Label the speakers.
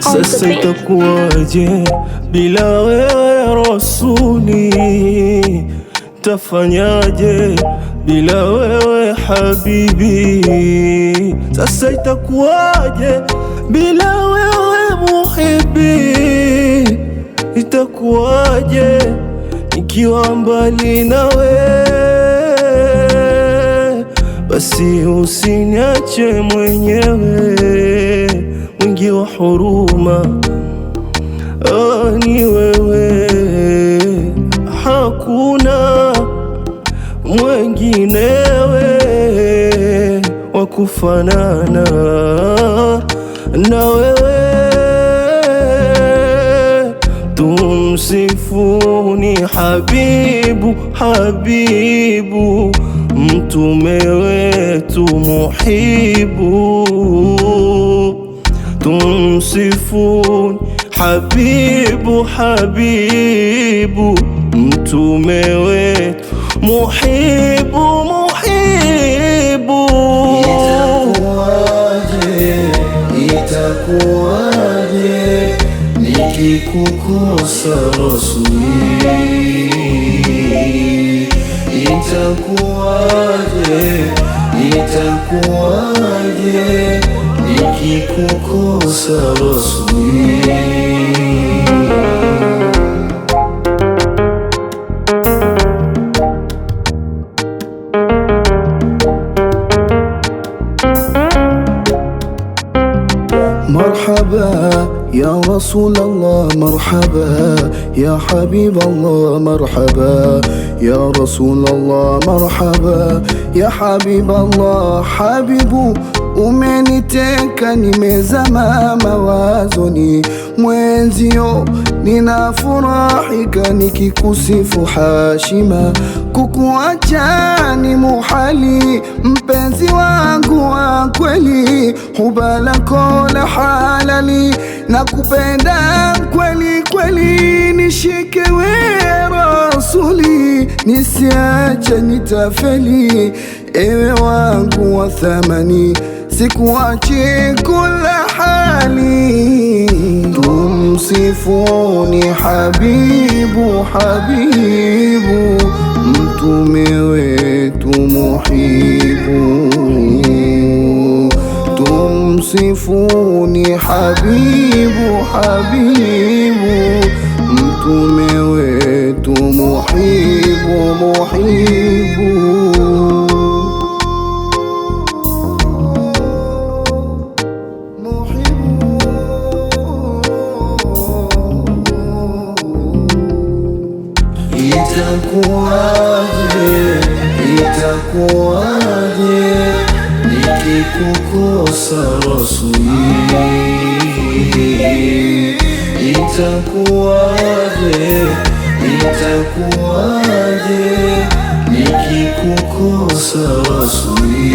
Speaker 1: Sasa
Speaker 2: itakuwaje bila wewe rasuli, tafanyaje bila wewe habibi? Sasa itakuwaje bila wewe muhibi, itakuwaje nikiwa mbali nawe? Basi usiniache mwenyewe mwingi wa huruma, ah, ni wewe, hakuna mwinginewe wa kufanana na wewe. Tumsifuni habibu, habibu mtume wetu muhibu tumsifuni habibu habibu mtume wetu muhibu muhibu.
Speaker 3: Itakuwaje, itakuwaje nikikukosa Rasuli? Itakuwaje, itakuwaje nikikukosa rasmi
Speaker 2: مرحبا يا رسول الله مرحبا يا حبيب الله مرحبا يا رسول الله مرحبا يا حبيب الله حبيب umeniteka, nimezama mawazoni, mwenzio ninafurahika nikikusifu hashima, kukuacha ni muhali, mpenzi wangu wa kweli, huba lako la halali, nakupenda kweli kweli, nishike we Rasuli, nisiache nitafeli ewe wangu wa thamani, sikuache kula hali. Tumsifuni habibu habibu, mtume wetu muhibu. Tumsifuni habibu habibu, mtume wetu muhibu muhibu
Speaker 3: itakuwaje, itakuwaje nikikukosa Rasuli, itakuwaje, itakuwaje nikikukosa Rasuli.